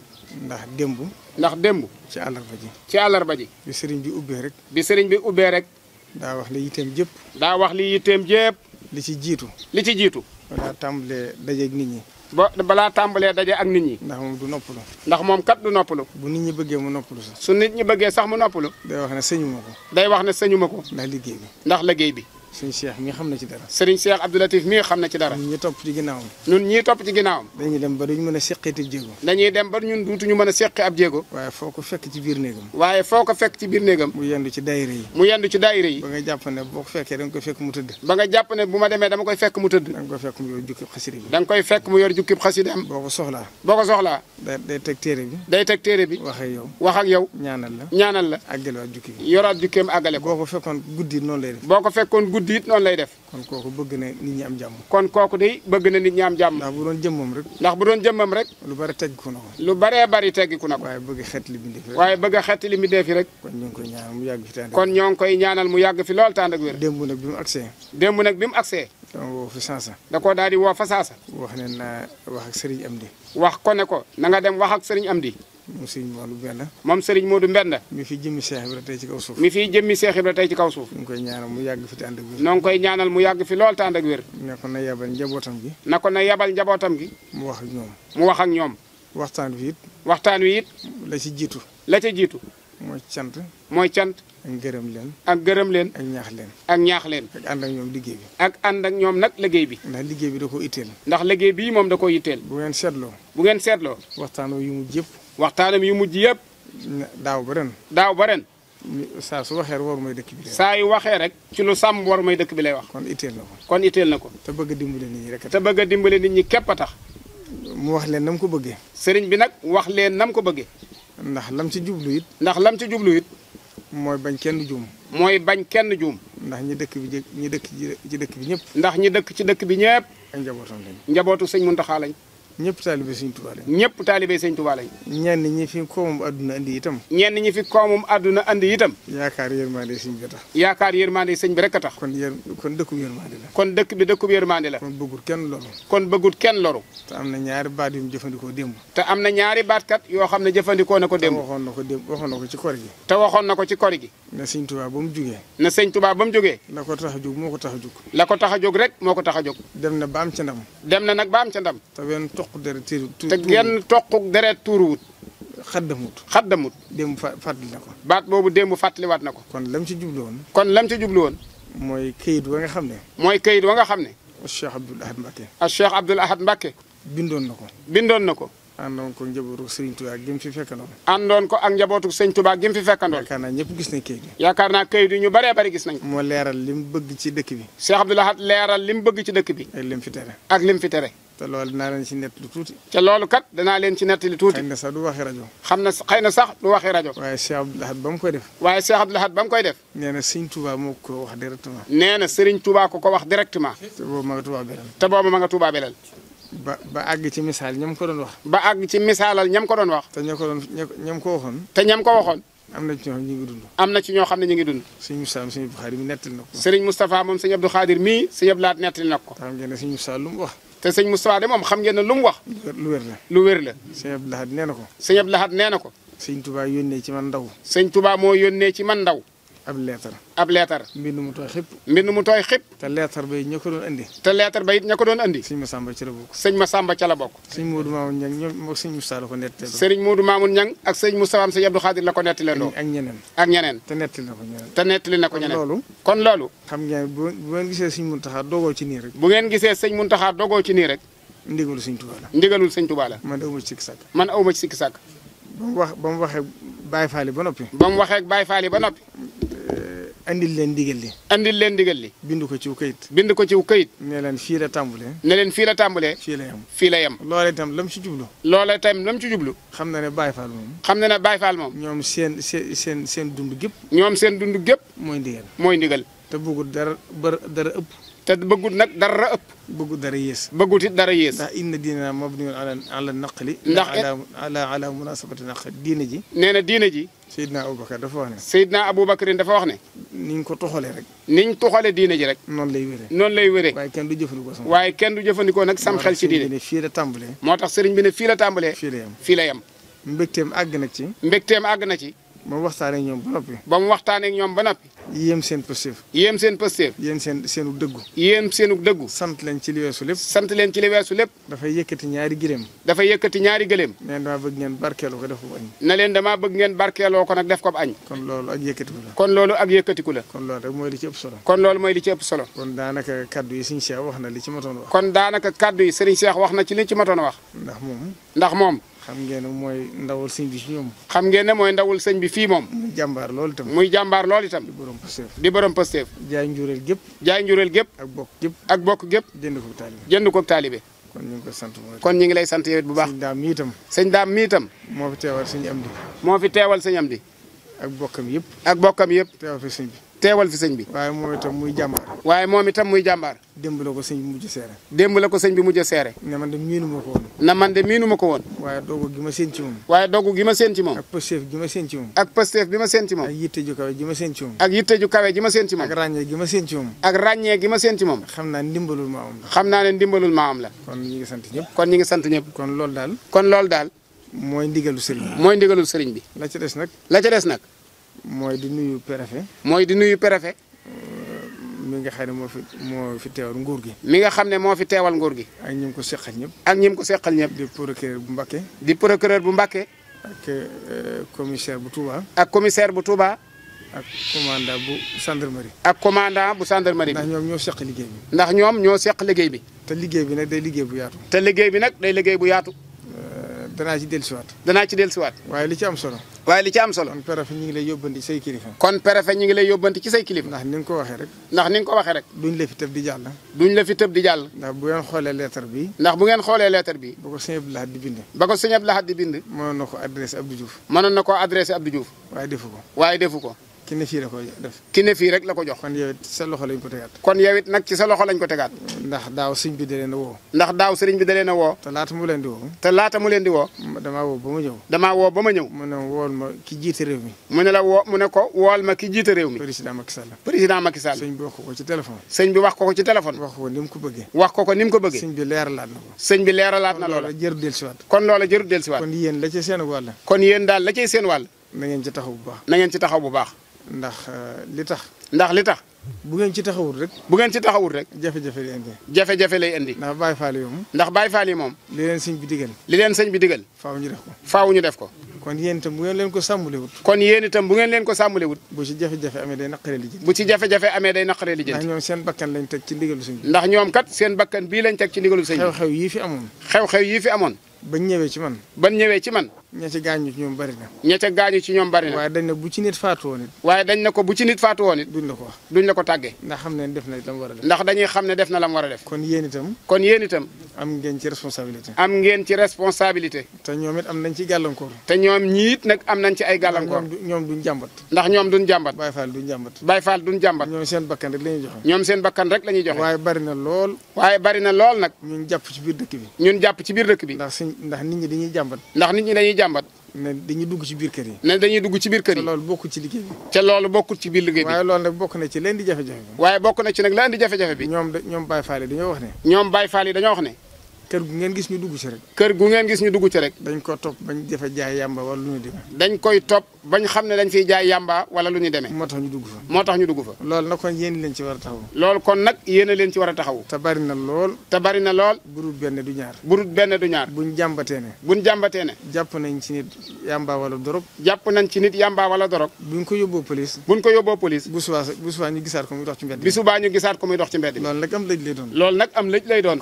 ndax dëmbu ndax démb. ci àllarba ji. ci àllarba ji. bi sëriñ bi ubbee rek. bi sëriñ bi ubbee rek. daa wax li yitteem jëpp. daa wax li yitteem jëpp. li ci jiitu. li ci jiitu. balaa tàmbalee dajeeg nit ñi. ba balaa tàmbalee daje ak nit ñi. ndax moom du noppalu. ndax moom kat du noppalu. bu nit ñi bëggee mu noppalu sax. su nit ñi bëggee sax mu noppalu. day wax ne sëñu ma ko. day wax ne sëñu ko. ndax liggéey bi. ndax liggéey bi. sëriñ Cheikh mi xam na ci dara. sëriñ Cheikh Abdou Latif mi xam na ci dara. ñun ñi topp ci ginnaawam. ñun ñii topp ci ginnaawam. dañuy dem ba duñ mën a seqeeti jéego. dañuy dem ba ñun duutuñu mën a seqi ab jéego. waaye foo ko fekk ci biir néegam. waaye foo ko fekk ci biir néegam. mu yendu ci daayira yi. mu yendu ci daayira yi. ba nga jàpp ne boo ko fekkee da nga koy fekk mu tëdd. ba nga jàpp ne bu ma demee dama koy fekk mu tëdd. da nga koy fekk mu yor jukkib xasida bi. da nga koy fekk mu yor jukkib xasida am. boo ko soxlaa. boo ko soxlaa. day teg téere bi. day teg téere bi. wax ak yow. wax ak yow. ñaanal la. ñaanal la. àggalewaat jukki bi. yoraat jukkeem àggale ko. boo ko fekkoon guddi noonu lay def. boo ko fekkoon guddi bunt it lay def. kon kooku bëgg na nit ñi am jàmm. kon kooku day bëgg na nit ñi am jàmm. ndax bu doon rek. ndax bu doon jëmmam rek. lu bari teggiku na ko. lu baree bari teggiku na waaye bëgg xet li bindee fi rek. waaye bëgg xet li bindee fi rek. kon ñoo koy ñaanal mu yàgg fi tànd. kon ñoo ngi koy ñaanal mu yàgg fi lool tànd ak wér. démb nag bi mu agsee. démb nag bi mu agsee. da woo fa saasa. da koo daal di woo fa saasa. wax ne naa wax ak Serigne Amdi. wax ko ne ko na nga dem wax ak am di moom Serigne Modou Mbenda. moom Serigne Modou Mbenda. mi fi jëmmi Cheikh Ibra tey ci kaw suuf. mi fi jëmmi Cheikh Ibra tey ci kaw suuf. noo ngi koy ñaanal mu yàgg fi te ànd ak wér. noo ngi koy ñaanal mu yàgg fi lool te ànd ak wér. na ko na yabal njabootam gi. na ko na yabal njabootam gi. mu wax ak ñoom. mu wax ak ñoom. waxtaan wi it. waxtaan wi it. la ci jiitu. la ca jiitu. mooy cant. mooy cant. ak gërëm leen. ak gërëm leen. ak ñaax leen. ak ñaax leen. ak ànd ak ñoom liggéey bi. ak ànd ak ñoom nag liggéey bi. ndax liggéey bi da koo itteel. ndax liggéey bii moom da koo itteel. bu ngeen seetloo. bu ngeen seetloo. waxtaan yu mu jëpp. waxtaanam yu mujj yëpp. daaw ba ren. daaw ba saa su waxee war may dëkk bi saa yu waxee rek ci lu sàmm war may dëkk bi lay wax. kon itteel na ko. kon itteel na ko. te bëgg a dimbale nit ñi rek. te bëgg a dimbale nit ñi képp tax. mu wax leen nam ko bëggee. sëriñ bi nag wax leen nam ko bëggee. ndax lam ci jublu it. ndax lam ci jublu it. mooy bañ kenn juum. mooy bañ kenn juum. ndax ñi dëkk bi ñi dëkk ci dëkk bi ñëpp. ndax ñi dëkk ci dëkk bi ñëpp. ay njabootam lañ. njabootu sëñ Muntaxa lañ. ñëpp taalibe sëñ Tuubaa lañ. ñëpp taalibe sëñ Tuubaa lañ. ñenn ñi fi koomum àdduna andi itam. ñenn ñi fi koomum àdduna andi itam. yaakaar yërmande sëñ bi tax. yaakaar yërmande sëñ bi rek a tax. kon yéen kon dëkkub yërmande la. kon dëkk bi dëkkub yërmande la. kon bëggut kenn loru. kon bëggut kenn loru. te am na ñaari baat yu mu jëfandikoo démb. te am na ñaari baatkat yoo xam ne jëfandikoo na ko démb. te waxoon na ko démb waxoon na ko ci kor gi. te waxoon na ko ci kor gi. na sëñ Tuubaa ba mu jógee. na sëñ Tuubaa ba mu jógee. la ko tax a jóg moo ko tax a jóg. la ko tax a jóg rek moo ko tax a jóg. dem na ba am ca ndam. dem na nag ba am ca ndam. toq deret tuuru. te genn toq deret tuuruwut. xaddamut xaddamut. démb fa fat na ko. baat boobu démb fàttaliwaat na ko. kon lam ci jublu woon. kon lam ci jublu woon. mooy kayit wa nga xam ne. mooy kayit wa nga xam ne. a Cheikh Abdoul Ahad Mbacké. ak Cheikh Abdoul Ahad Mbacké. bindoon na ko. bindoon na ko. àndoon ko njabootu sëñ Tuubaa gi mu fi fekkandoon. àndoon ko ak njabootu sëñ Tuubaa gi mu fi fekkandoon. yaakaar gis nañ kayit yi. yaakaar naa kayit yi ñu bëree bëri gis nañ ko. moo leeral li mu bëgg ci dëkk bi. Cheikh Abdoul Ahad leeral li mu bëgg ci dëkk bi. ak lim fi tere. ak lim fi tere. te loolu dinaa leen ci nett lu tuuti. te loolu kat danaa leen ci nett lu tuuti. xëy na sax du waxi rajo. xam na xëy na sax du waxi rajo. waaye Cheikh Abdoul Ahad ba mu koy def. waaye Cheikh Abdoul Ahad ba mu koy def. nee na Serigne Touba moo ko wax directement. nee na Serigne Touba ko ko wax directement. te boobu ma nga Touba Belal. te boobu ma nga Touba Belal. ba ba àgg ci misaal ñam ko doon wax. ba àgg ci misaalal ñam ko doon wax. te ña ko doon ñam ko waxoon. te ñam ko waxoon. am na ci ñoo xam ne ñu ngi dund. am na ci ñoo xam ne ñu ngi dund. sëriñ Moustapha moom sëriñ Abdou Khadir mi nettali na ko. sëriñ Moustapha moom sëriñ Abdou Khadir mii sëriñ Abdou Lahat nettali na ko. xam ngeen ne sëriñ Moustapha lu mu wax. te sëñ Moustapha de moom xam ngeen ne lu mu wax. lu wér la lu wér la. sëñ Abdou Lahad nee na ko. sëñ Abdou Lahad nee na ko. sëñ Touba yónnee ci man ndaw. sëñ Touba moo yónnee ci man ndaw. ab leetar ab leetar mbind mu tooy xëpp mbind mu tooy xëpp te leetar ba it ña ko doon andi te leetar ba it ña ko doon andi sëñ Masamba ca la bokk sëñ Masamba ca la bokk sëñ Modou Mamoun Ñang ñoom mook sëñ Moustapha la ko nettali sëriñ Modou Mamoun Ñang ak sëñ Moustapha am sëñ Abdou Khadir la ko nettali loo ak ñeneen ak ñeneen te nettali na ko ñeneen te nettali na ko ñeneen loolu kon loolu xam ngeen bu ngeen gisee sëñ Muntaxa dogoo ci nii rek bu ngeen gisee sëñ Muntaxa dogoo ci nii rek ndigalul sëñ Tuubaa la ndigalul sëñ Tuubaa la man awma ci sikki sàkk man awma ci sikki sàkk ba mu wax ba mu waxee Baye Fall ba noppi ba mu waxee Baye Fall ba noppi andil leen ndigal li andil leen ndigal li bind ko ciw kayit bind ko ciw kayit ne leen fii la tàmbalee ne leen fii la tàmbalee fii la yem fii la yem loola itam lam ci jublu loola itam lam ci jublu xam na ne Baye Fall moom xam na ne Baye Fall moom ñoom seen seen seen seen dund gépp ñoom seen dund gépp mooy ndigal mooy ndigal te bëggul dara dara ëpp te bëggut nag dara ëpp. bëggut dara yées. bëggut it dara yées. ndax inna diinana mabniyun ala ala naqli. ndax ala ala munasabati naqli diina ji. nee na diine ji. Seydina Aboubacar dafa wax ne. Seydina Aboubacar dafa wax ne. niñ ko toxalee rek. niñ toxalee diina ji rek. noonu lay wéree. noonu lay wéree. waaye kenn du jëfandikoo sama. waaye kenn du jëfandikoo nag sam xel ci diine. fii la moo tax sëriñ bi ne fii la tàmbalee. fii la yem fii la yem. mbégteem àgg na ci. mbégteem àgg na ci. ba waxtaaneek waxtaanee ak ñoom ba noppi. ba mu waxtaanee ak ñoom ba noppi. yéem seen pëstéef. yéem seen pëstéef. yéem seen seenu dëggu. yéem seenu dëggu. sant leen ci li weesu lépp. sant leen ci li weesu lépp. dafay yëkkati ñaari gëléem. dafay yëkkati ñaari gëléem. ne leen damaa bëgg ngeen barkeeloo ko def ko añ. na leen dama bëgg ngeen barkeeloo ko nag def ko añ. kon loolu ak yëkkatiku la. kon loolu ak yëkkati ku la. kon loolu rek mooy li ci ëpp solo. kon loolu mooy li ci solo. kon daanaka kaddu yi sëriñ Cheikh wax na li ci matoon wax. kon daanaka kaddu yi sëriñ Cheikh wax na ci li ci matoon wax. ndax moom. ndax moom. xam ngeen ne mooy ndawul sëñ bi fii moom. xam ngeen ne mooy ndawul sëñ bi fii moom. muy jàmbaar lool itam. muy jàmbaar lool itam. di borom Pastef. di borom Pastef. jaay njureel gépp. jaay njureel gépp. ak bokk gépp. ak bokk gépp. jënd ko taalibe. jënd ko taalibe. kon ñu ngi koy sant mooy. kon ñu ngi lay sant yow bu baax. sëñ daam mi itam. sëñ daam mi itam. moo fi teewal sëñ Amdi. moo fi teewal sëñ Amdi. ak bokkam yëpp. ak bokkam yëpp. teewal fi bi. teewal fi sëñ bi. waaye moom itam muy jàmbaar. waaye moom itam muy jàmbaar. démb la ko sëñ bi mujj seere. ko sëñ bi mujj seere. na man de miinu ma ko woon. na man de miinu ma ko woon. waaye dogu gi ma séen ci moom. waaye dogu gi ma séen ci moom. ak pësteef gi ma séen ci moom. ak pësteef bi ma séen ci moom. ma séen ci moom. ak yitte ju kawe ji ràññee gi ma séen ci moom. ak ràññee gi ma séen ci moom. xam naa ndimbalul ma am la. xam naa ne ndimbalul ma am la. kon ñi ngi sant ñëpp. kon ñi ngi sant ñëpp. kon loolu daal. kon loolu daal. mooy ndigalu sëriñ bi. mooy ndigalu sëriñ bi. la ca des nag. la ca des nag mooy di nuyu préfet. mooy di nuyu préfet. mi nga xam ne moo fi moo fi teewal nguur gi. mi nga xam ne moo fi teewal nguur gi. ak ñi ko seqal ñëpp. ak ñi ko seqal ñëpp. di procureur bu Mbacké. di procureur bu Mbacké. ak euh, commissaire bu Touba. ak commissaire bu Touba. ak commandant bu gendarmerie. ak commandant bu gendarmerie. ndax ñoom ñoo seq liggéey bi. ndax ñoom ñoo seq liggéey bi. te liggéey bi nag day liggéey bu yaatu. te liggéey bi nag day liggéey bu yaatu. Euh, danaa ci dellusiwaat. danaa ci dellusiwaat. waaye li ci am solo. waaye li ci am solo. kon préfet ñu ngi lay yóbbanti ci say kilifa. kon préfet ñu ngi lay yóbbanti ci say kilifa. ndax ni nga ko waxee rek. ndax ni nga ko waxee rek. duñ la fi tëb di jàll. du la fi tëb di jàll. ndax bu ngeen xoolee lettre bi. ndax bu ngeen xoolee leetar bi. ba ko sëñ Abdou Lahad di bind. ba ko sëñ Abdou Lahad di bind. mënoon na ko adressé Abdou Diouf. mënoon na koo adressé Abdou waaye defu ko. waaye defu ko. ki ne fii la ko ne fii rek la ko jox. kon yow sa loxo lañ ko tegaat. kon yow it nag ci sa loxo lañ ko tegaat. ndax daaw sëriñ bi da leen a woo. ndax daaw sëriñ bi da leen a woo. te laata mu leen di woo. te laata mu leen di woo. damaa woo ba ma ñëw. damaa woo ba ma ñëw. mu ne wool ma ki jiite ne ko wool ma ki jiite réew mi. président Macky Sall. président sëñ bi wax ko ko ci téléphone. sëñ bi wax ko ko ci téléphone. wax ko ko ni mu ko bëggee. wax ko ko ko bëggee. sëñ bi leeralaat na ko. sëñ bi leeralaat na loola. kon loola jëru kon yéen la ci seen wàll. kon yéen ngeen ci taxaw baax. na ngeen ci taxaw baax. ndax euh, li tax. ndax li tax. bu ngeen ci taxawul rek. bu ngeen ci taxawul rek. jafe-jafe lay indi. jafe-jafe lay indi. ndax Baye Fall yi moom. ndax Baye Fall yi moom. li leen sëñ bi digal. li leen sëñ bi digal. faaw ñu def ko. faaw ñu def ko. kon yéen tam bu ngeen leen ko sàmmalewut. kon yéen itam bu ngeen leen ko sàmmalewut. bu si jafe-jafe amee day naqaree lijjanti. bu ci jafe-jafe amee day naqaree lijjanti. ndax ñoom seen bakkan lañ teg ci ndigalu sëñ bi. ndax ñoom kat seen bakkan bii lañ teg ci ndigalu sëñ bi. xew-xew yii fi amoon. xew-xew yii fi amoon. bañ ñëwee ci man. bañ ñëwee ci man ña ca gaañu ci ñoom bari na. ña ca gaañu ci ñoom bari na. waaye dañ ne bu ci nit faatu woon it. waaye dañ ne ko bu ci nit faatu woon it. duñ la ko wax duñ la ko tàggee. ndax xam ne def na lam war a def. ndax dañuy xam ne def na lam war a def. kon yéen itam. kon yéen itam. am ngeen ci responsabilité. am ngeen ci responsabilité. te ñoom it am nañ ci gàllankoor. te ñoom ñii it nag am nañ ci ay gàllankoor. ndax ñoom duñ jàmbat. ndax ñoom duñ jàmbat. Baye Fall duñ jàmbat. Baye Fall duñ jàmbat. ñoom seen bakkan rek la ñuy joxe. ñoom seen bakkan rek la ñuy joxe. waaye bari na lool. waaye bari na lool nag. ñun jàpp ci biir dëkk bi. ñun jàpp ci biir dëkk bi. ndax suñ ndax nit ñi dañuy jàmbat. ndax nit ñi dañuy jàmbat. ne dañuy dugg ci biir kër yi. ne dañuy dugg ci biir kër yi. te loolu bokkul ci liggéey bi. te loolu bokkul ci biir waaye loolu nag bokk na ci leen di jafe-jafe bi. waaye bokk na ci nag leen di jafe-jafe bi. ñoom da ñoom Baye wax ne. ñoom Baye Fall yi dañoo wax ne. kër gu ngeen gis ñu dugg ci rek. kër gu ngeen gis dugg ci rek. dañ ko topp bañ jafe jaay yàmba wala ñu di. dañ koy topp bañ xam ne dañ fiy jaay yàmba wala lu ñu demee. moo tax ñu dugg fa moo tax ñu dugg fa. nag kon yéen leen ci war a taxaw. kon nag yéen a leen ci war a taxaw. te bari na lool. te bari na lool. burut benn du ñaar. burut benn du ñaar. buñ jàmbatee ne. buñ jàmbatee ne. jàpp nañ ci nit yàmba wala dorog. jàpp nañ ci nit yàmba wala dorog. buñ ko yóbboo police. buñ bu subaa bu subaa ñu gisaat ko muy dox ci mbedd bi. bu subaa ñu gisaat ko muy dox ci mbedd bi. loolu nag am lëj lay doon.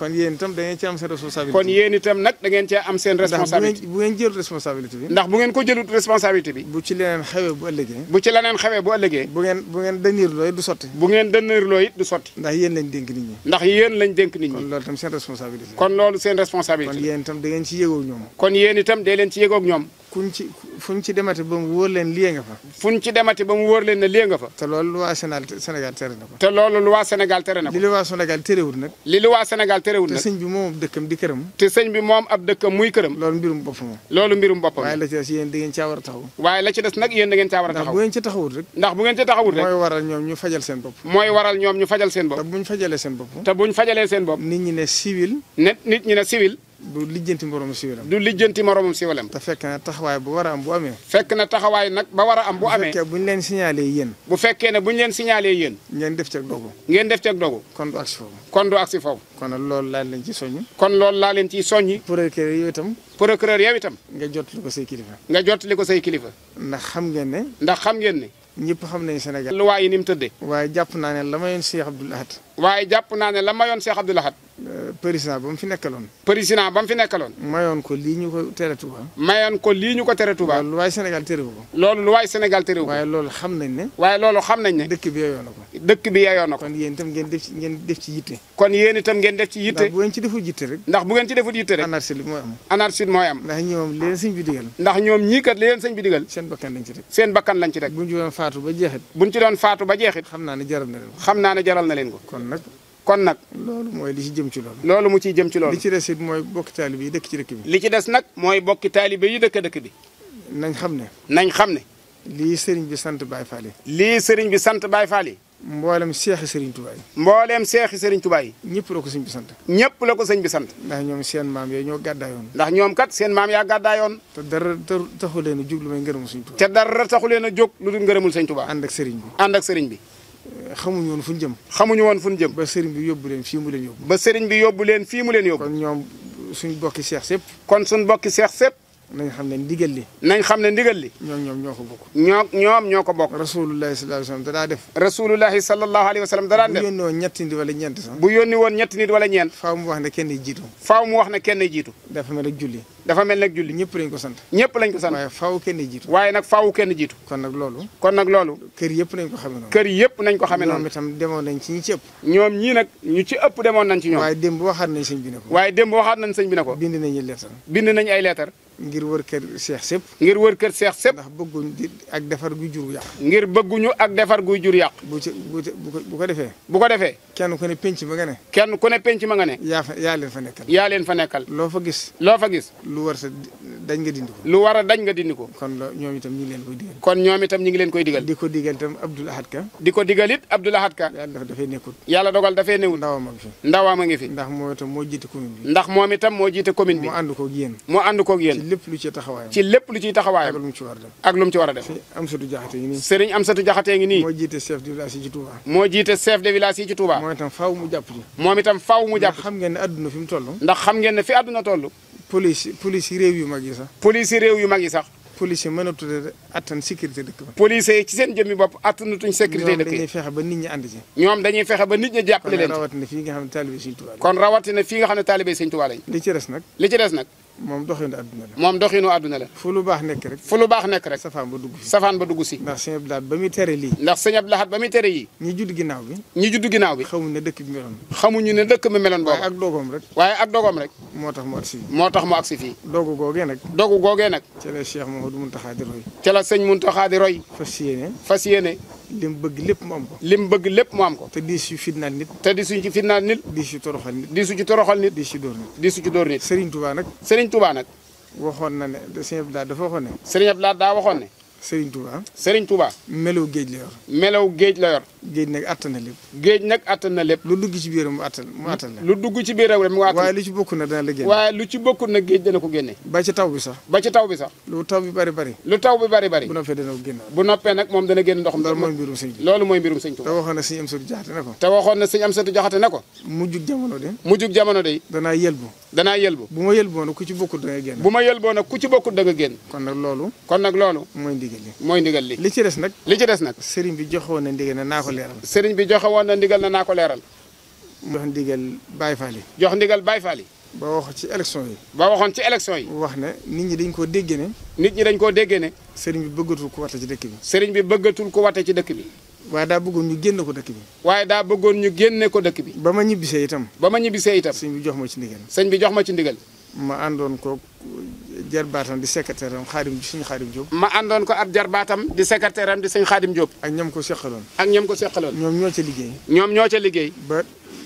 loolu leneen xewee bu ëllëgee bu ci leneen xewee bu ëllëgee bu ngeen bu ngeen du sotti bu ngeen dëniirloo it du sotti ndax yéen lañ dénk nit ndax yéen lañ dénk nit kon loolu seen responsabilité kon loolu seen responsabilité kon yéen itam da ngeen ci yëgoog ñoom kon leen ci yëgoog ñoom kuñ ci fuñ ci demati ba mu wóor leen lii nga fa. ci demati ba mu wóor leen ne lii nga fa. te loolu lu waa Sénégal tere na ko. te loolu lu waa Sénégal tere na ko. li lu waa Sénégal terewul nag. li lu waa Sénégal terewul nag. te sëñ bi moom ab dëkkam di këram. te sëñ bi moom ab dëkkam muy këram. loolu mbirum boppam. loolu mbirum boppam. waaye la ci des yéen da ngeen caa war waaye la ci des nag yéen da ngeen caa war a taxaw. ndax bu ngeen ci taxawul rek. ndax bu ngeen ci taxawul rek. mooy waral ñoom ñu fajal seen bopp. mooy waral ñoom ñu fajal seen bopp. te buñ fajalee seen bopp. du lijjanti moromam siwalam du lijjanti moromam siwalam te fekk na taxawaay bu war a am bu amee fekk na taxawaay nag ba war a am bu amee bu fekkee bu ñu leen signalé yéen bu fekkee ne bu ñu leen signalé yéen ngeen def ci ak dogu ngeen def ci ak dogu kon du agsi foofu kon du agsi foofu kon loolu laa leen ci soññi kon loolu laa leen ciy soññi procureur yow itam procureur yow itam nga jottali ko say kilifa nga jottali ko say kilifa ndax xam ngeen ne ndax xam ngeen ne ñëpp xam nañu Sénégal luwaa yi ni mu tëddee waaye jàpp naa ne la ma yoon Cheikh Abdoul Ahad waaye jàpp naa ne la ma yoon Cheikh Abdoul Ahad président ba mu fi nekkaloon. président ba mu fi nekkaloon. mayoon ko lii ñu ko tere Touba. mayoon ko lii ñu ko tere Touba. loolu lu waay Sénégal terewu ko. loolu lu waay Sénégal terewu ko. waaye loolu xam nañ ne. waaye loolu xam nañ ne. dëkk bi yeyoo na ko. dëkk bi yeyoo na ko. kon yéen itam ngeen def ci ngeen def ci yitte. kon yéen itam ngeen def ci yitte. ndax bu ngeen ci deful yitte rek. ndax bu ngeen ci deful yitte rek. anarchie mooy am. anarchie mooy am. ndax ñoom li leen sëñ bi digal. ndax ñoom ñii kat li leen sëñ bi digal. seen bakkan lañ ci rek. seen bakkan lañ ci rek. buñ ci doon faatu ba jeexit. buñ ci doon faatu ba jeexit. xam naa ne jaral na leen ko. xam naa ne jaral na leen ko. kon nag kon nag loolu mooy li ci jëm ci loolu loolu mu ciy jëm ci lool li ci des mooy bokki taalibe yi dëkk ci dëkk bi li ci des nag mooy bokki taalibe yi dëkk dëkk bi nañ xam ne nañ xam ne lii sëriñ bi sant baay Fall yi sëriñ bi sant baay Fall yi mboolem seexi sëriñ Touba yi mboolem seexi sëriñ Touba yi ñëpp la ko sëñ bi sant ñëpp la ko sëñ bi sant ndax ñoom seen maam yooyu ñoo gàddaayoon ndax ñoom kat seen maam yaa gàddaayoon te dara taxu leen a jóg lu may ngërëmul sëñ Touba te taxu leen a jóg lu dul ngërëmul sëñ Touba ànd ak sëriñ bi ànd ak sëriñ bi xamuñu woon fu ñu jëm. xamuñu woon fu ñu jëm. ba bi yóbbu leen fii mu leen yóbbu. ba sëriñ bi yóbbu leen fii mu leen yóbbu. kon ñoom suñ bokki seex sépp. kon suñ bokki seex sépp. nañ xam ne ndigal li nañ xam ne ndigal li ñoom ñoom ñoo ko bokk ñoo ñoom ñoo ko bokk rasulullahi sallallahu alayhi wa sallam danaa def rasulullahi sallallahu alayhi wa sallam danaa def bu yónni woon ñetti nit wala ñeent sax bu yónni woon ñetti nit wala ñeent faaw mu wax ne kenn jiitu faaw mu wax ne kenn jiitu dafa mel nag julli dafa mel nag julli ñëpp lañ ko sant ñëpp lañ ko sant waaye faaw kenn jiitu waaye nag faaw kenn jiitu kon nag loolu kon nag loolu kër yëpp nañ ko xamee noonu kër yëpp nañ ko xamee noonu ñoom itam demoon nañ ci ñi ci ëpp ñoom ñii nag ñu ci ëpp demoon nañ ci ñoom waaye démb waxaat nañ sëñ bi ne ko waaye démb waxaat nañ sëñ bi ne ko bind nañ ay leetar bind nañ ay leetar ngir wër kër seex sëpp. ngir wër kër seex sëpp. ndax bëgguñ di ak defar guy jur yàq. ngir bëgguñu ak defar guy jur yàq. bu ci bu bu ko defee. bu ko defee. kenn ku ne penc ma nga ne. kenn ku ne penc ma nga ne. yaa fa yaa leen fa nekkal. yaa leen fa nekkal. loo fa gis. loo fa gis. lu war sa dañ nga dindi ko. lu war a dañ nga dindi ko. kon loo ñoom itam ñu ngi leen koy digal. kon ñoom itam ñu ngi leen koy digal. di ko digal itam Abdoul Ahad Ka. di ko digal it Abdoul Ahad Ka. yàlla dafay nekkul. yàlla dogal dafay newul. ndawam a ngi fi. ndawam a ngi fi. ndax moom itam moo jiite commune bi. ndax moom itam moo jiite commune bi. moo ànd koog yéen. moo ànd koog yéen. ci lépp lu ciy taxawaayam. ci lépp lu ciy taxawaayam. ak lu mu ci war a def. ak lu mu ci war a def. Amsatou Diakhaté ngi nii. Serigne Amsatou Diakhaté ngi nii. moo jiite chef de village yi ci Touba. moo jiite chef de village yi ci Touba. moom itam faaw mu jàpp ci. moom itam faaw mu jàpp ndax xam ngeen ne adduna fi mu toll. ndax xam ngeen ne fi adduna toll. police police mag yi sax. police yi mag yi sax. police yi mënatut a attan sécurité dëkk ba. police yi seen jëmmi bopp attanutuñ sécurité dëkk yi. fexe ba nit ñi ànd ñoom dañuy fexe ba nit ñi leen kon rawatina ne taalibe Sëñ xam ne taalibe Sëñ Tuubaa lañ. des nag. moom doxinu àdduna la moom doxinu àdduna la fu lu baax nekk rek fu lu baax nekk rek safaan ba dugg si safaan ba dugg si ndax sëñ Abdou Lahad ba muy tere lii ndax sëñ laat Lahad ba muy tere yi ñi judd ginnaaw bi ñi judd ginnaaw bi xamuñu na dëkk bi meloon xamuñu ne dëkk bi meloon boobu ak dogoom rek waaye ak dogoom rek moo tax mu agsi moo tax mu agsi fii dogu googee nag dogu googee nag ca la Cheikh Mouhamadou Mountakha di roy ca la sëñ Mountakha di roy fas yéene fas yéene lim bëgg lépp mu am ko. lim bëgg lépp mu am ko. te di su fitnaal nit. te di suñ ci fitnaal nit. di su toroxal nit. di su ci toroxal nit. di su ci dóor nit. di su ci dóor nit. Serigne Touba nag. Serigne Touba waxoon na ne Serigne Abdoulaye dafa waxoon ne. Serigne Abdoulaye daa waxoon ne. Serigne Touba. Serigne Touba. melaw géej la yor. melaw géej la yor. géej nag attan na lépp. géej nag attan na lépp. lu dugg ci biiram mu attan mu attan la. lu dugg ci biiram rek mu attan. waaye lu ci bokk na dana la génne. waaye lu ci bokk na géej dana ko génne. ba ci taw bi sax. ba ci taw bi sax. lu taw bi bari bari. lu taw bi bari bari. bu noppee dana ko génne. bu noppee nag moom dana génn ndoxam. loolu mooy mbirum sëñ Touba loolu mooy mbirum sëñ Touba. te waxoon na sëñ Amsatu Jaxate ne ko. te waxoon na sëñ Amsatu Jaxate ne ko. mujjug jamono de. mujjug jamono de. danaa yelbu. danaa yelbu. bu ma yelboo nag ku ci bokkut da nga génn. bu ma yelboo nag ku ci bokkut da nga génn. kon nag loolu. kon nag loolu. mooy ndigal li mooy ndigal li li ci des nag li ci des nag sëriñ bi joxewoon na ndigal na naa ko leeral sëriñ bi joxe woon na na naa ko leeral jox ndigal Baye Fall yi jox ndigal Baye Fall yi ba waxoon ci élection yi ba waxoon ci élection yi wax ne nit ñi dañ koo déggee ne nit ñi dañ koo déggee ne sëriñ bi bëggatul ko watte ci dëkk bi sëriñ bi bëggatul ko watte ci dëkk bi waaye daa bëggoon ñu génne ko dëkk bi waaye daa bëggoon ñu génne ko dëkk bi ba ma ñibbisee itam ba ma ñibbisee itam sëñ bi jox ma ci ndigal sëñ bi jox ma ci ndigal ma àndoon ko jarbaatam di secrétaire am xaadim suñu xaadim Diop. ma àndoon ko ak jarbaatam di secrétaire am di suñu xaadim Diop. ak ñam ko seqaloon. ak ñam ko seqaloon. ñoom ñoo ca liggéey. ñoom ñoo ca liggéey. ba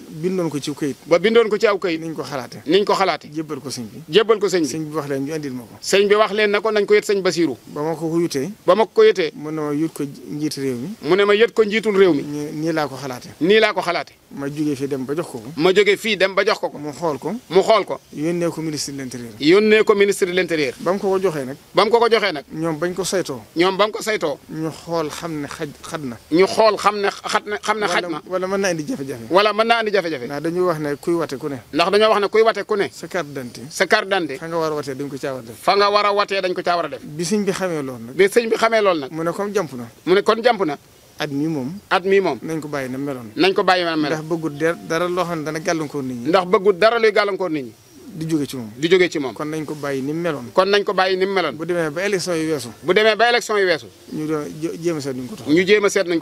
bindoon ko ci kayit. ba bindoon ko ci aw kayit. niñ ko xalaatee. niñ ko xalaatee. jébbal ko señ bi. jébbal ko sëñ bi sëñ bi wax leen ñu indil ma ko. sëñ bi wax leen na ko nañ ko yët sëñ Basirou. ba ma ko wuyutee. ba ma ko yëtee. mu ne ma yët ko njiitu réew mi. mu ne ma yët ko njiitul réew mi. nii laa ko xalaate nii laa ko xalaatee ma jógee fii dem ba jox ko ko. ma jógee fii dem ba jox ko ko. mu xool ko. mu xool ko. yónnee ko ministre de l'intérieur. yónnee ko ministre de l'intérieur. ba mu ko ko joxee nag. ba mu ko ko joxee nag. ñoom bañ ko saytoo. ñoom ba mu ko saytoo. ñu xool xam ne xaj xat na. ñu xool xam ne xat na xam ne xaj na. wala mën naa indi jafe-jafe. wala mën naa indi jafe-jafe. ndax dañuy wax ne kuy wate ku ne. ndax dañoo wax ne kuy wate ku ne. sa carte d'identité. sa carte d'identité. fa nga war a watee dañ ko caa war a def. fa nga war a watee dañ ko caa war a def. bi sëñ bi xamee loolu nag. bi sëñ bi xamee loolu nag. mu ne kon jàmp na. mu ne kon jàmp na at mi moom at mi moom nañ ko bàyyi na meloon nañ ko bàyyi na meloon ndax bëggut dara loo ne dana gàllankoor nit ñi ndax bëggut dara luy gàllankoor nit ñi di jóge ci moom di jóge ci moom kon nañ ko bàyyi ni mu meloon kon nañ ko bàyyi ni meloon bu demee ba élection yi weesu bu demee ba élection yi weesu ñu doon jéem a seet nañ ko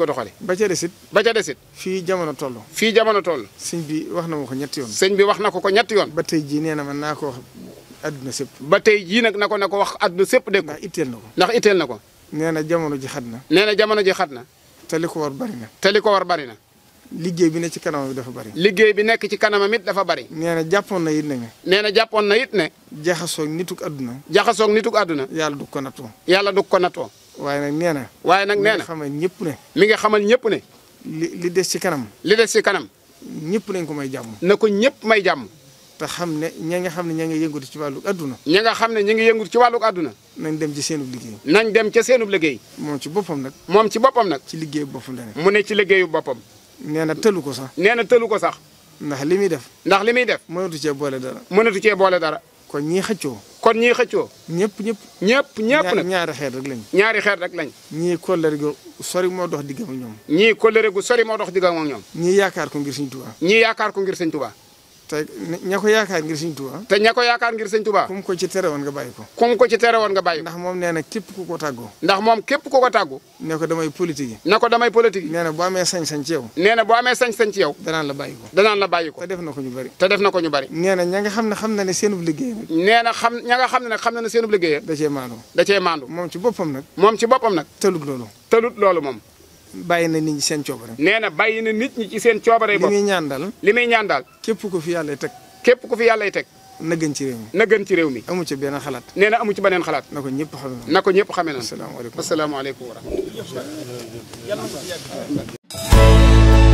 doxale ñu a seet nañ ba ca desit ba ca desit fii jamono toll fii jamono toll sëñ bi wax na ma ko ñetti yoon sëñ bi wax na ko ko ñetti yoon ba tey jii nee na man naa ko wax adduna sépp ba tey nag na ko na ko wax adduna sépp dégg na ko ndax itteel na ko nee na jamono ji xat na nee na jamono ji xat na te li ko war bari na. ko war bari na. liggéey bi nekk ci kanamam it dafa bari. liggéey bi nekk ci kanamam it dafa bari. nee na jàppoon na yit ne. nee na jàppoon na it ne. jaxasoog nituk àdduna. jaxasoog nituk àdduna. yàlla du ko natoo. yàlla du ko natoo. waaye nag nee na. waaye nag nee na xamal ñëpp ne. mi nga xamal ñëpp ne. li li des ci kanam. li des ci kanam. ñëpp nañ ko may jàmm. na ko ñëpp may jàmm. te xam ne ña nga xam ne ña ngi yëngatu ci wàllu adduna. ña nga xam ne ñu ngi yëngatu ci wàllu adduna. nañ dem ci seenub liggéey. nañ dem ca seenub liggéey. moom ci boppam nag. moom ci boppam nag. ci liggéey boppam la ne. mu ci liggéeyu boppam. nee na tëlu ko sax. nee na tëlu ko sax. ndax li muy def. ndax li muy def. mënatu cee boole dara. mënatu cee boole dara. kon ñi xëccoo. kon ñii xëccoo. ñëpp ñëpp. ñëpp ñëpp nag ñaari xeet rek lañ. ñaari xeet rek lañ. ñii kóllëre gu sori moo dox diggam ak ñoom. ñii kóllëre gu sori moo dox diggam ak ñoom. ñii yaakaar ko ngir Sëñ Tuubaa. ñii yaakaar ngir Sëñ Tuubaa. te ña ko yaakaar ngir sëñ Tuubaa te ña ko yaakaar ngir sëñ Tuubaa kum ko ci tere woon nga bàyyi ko kum ko ci tere woon nga bàyyi ko ndax moom nee na képp ku ko tàggu ndax moom képp ku ko tàggu ne ko damay politique yi ne damay politique yi nee amee sañ-sañ ci yow nee na bu amee sañ-sañ ci yow danaan la bàyyi ko danaan la bàyyi ko te def na ko ñu bari te def na ko ñu bari nee na ña xam ne xam na ne seenub liggéey nee na xam ña nga xam ne nag na ne seenub liggéey da cee maandu da cee maandu moom ci boppam nag moom ci boppam nag tëlut loolu tëlut loolu moom bàyyi na nit ñi seen coobare. nee na bàyyi na nit ñi ci seen coobare li muy ñaan daal li muy ñaan daal. képp ku fi yàlla teg. képp ku fi yàlla teg. na gën ci réew mi na gën ci réew mi. amu ci benn xalaat. nee na amu ci beneen xalaat. na ko ñëpp xame na na ko ñëpp xame na. asalaamaaleykum asalaamaaleykum wa